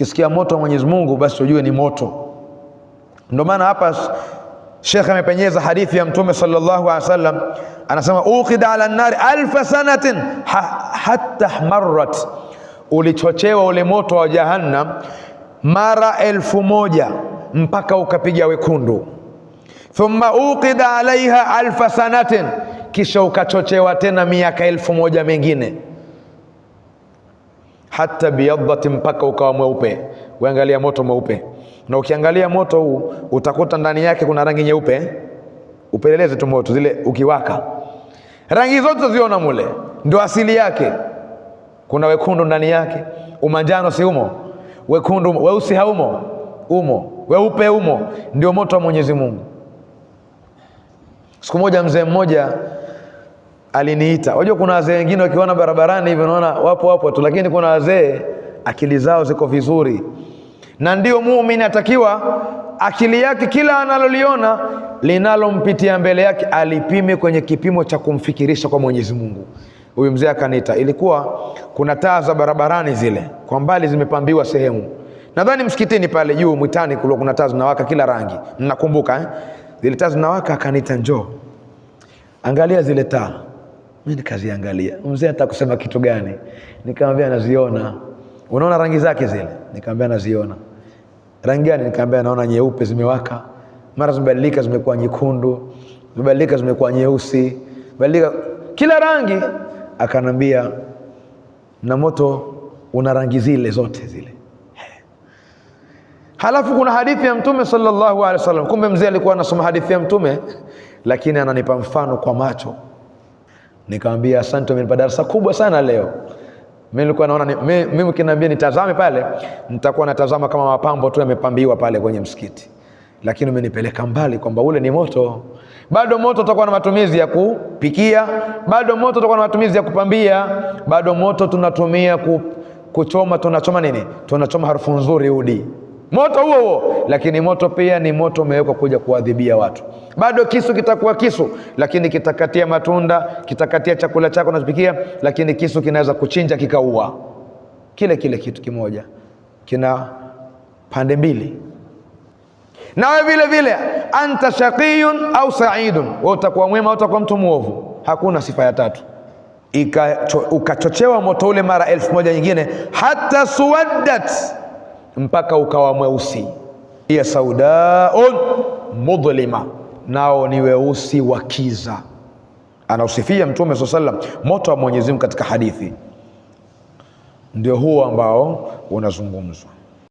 Ukisikia moto wa Mwenyezi Mungu, basi ujue ni moto. Ndio maana hapa Sheikh amepenyeza hadithi ya Mtume sallallahu alaihi wasallam, anasema uqida ala nnari alfa sanatin ha, hatta marrat, ulichochewa ule moto wa Jahannam mara elfu moja mpaka ukapiga wekundu. Thumma uqida alaiha alfa sanatin, kisha ukachochewa tena miaka elfu moja mengine hata biyadhati, mpaka ukawa mweupe. Uangalia moto mweupe, na ukiangalia moto huu utakuta ndani yake kuna rangi nyeupe. Upeleleze tu moto zile, ukiwaka rangi zote ziona mule, ndio asili yake. Kuna wekundu ndani yake, umanjano si umo, wekundu weusi haumo, umo weupe umo, ndio moto wa Mwenyezi Mungu. Siku moja mzee mmoja aliniita. Wajua kuna wazee wengine wakiona barabarani hivi, unaona wapo wapo tu, lakini kuna wazee akili zao ziko vizuri, na ndio muumini atakiwa akili yake kila analoliona linalompitia mbele yake alipime kwenye kipimo cha kumfikirisha kwa Mwenyezi Mungu. Huyu mzee akaniita, ilikuwa kuna taa za barabarani zile kwa mbali zimepambiwa sehemu, nadhani msikitini pale juu Mwitani kulikuwa kuna taa zinawaka kila rangi, nakumbuka eh? Zile taa zinawaka, akaniita njoo, angalia zile taa mi nikaziangalia, mzee anataka kusema kitu gani? Nikamwambia naziona, unaona rangi zake zile? Nikamwambia naziona. Rangi gani? Nikamwambia naona nyeupe zimewaka, mara zimebadilika zimekuwa nyekundu, zimebadilika zimekuwa nyeusi, badilika kila rangi. Akanambia na moto una rangi zile zote zile. Halafu kuna hadithi ya Mtume sallallahu alaihi wasallam. Kumbe mzee alikuwa anasoma hadithi ya Mtume, lakini ananipa mfano kwa macho Nikamwambia asante, umenipa darasa kubwa sana leo. Mimi nilikuwa naona mimi ukiniambia nitazame pale nitakuwa natazama kama mapambo tu yamepambiwa pale kwenye msikiti, lakini umenipeleka mbali kwamba ule ni moto. Bado moto utakuwa na matumizi ya kupikia, bado moto utakuwa na matumizi ya kupambia, bado moto tunatumia kuchoma. Tunachoma nini? Tunachoma harufu nzuri udi moto huo huo, lakini moto pia ni moto umewekwa kuja kuadhibia watu. Bado kisu kitakuwa kisu, lakini kitakatia matunda, kitakatia chakula chako unachopikia, lakini kisu kinaweza kuchinja kikaua. Kile kile kitu kimoja kina pande mbili. Nawe vile vile, anta shaqiyun au saidun, wewe utakuwa mwema au utakuwa mtu mwovu, hakuna sifa ya tatu. Ika, cho, ukachochewa moto ule mara elfu moja nyingine, hata suwaddat mpaka ukawa mweusi. Hiya saudaun mudhlima, nao ni weusi wa kiza. Anausifia Mtume saa salam moto wa Mwenyezi Mungu katika hadithi, ndio huo ambao unazungumzwa.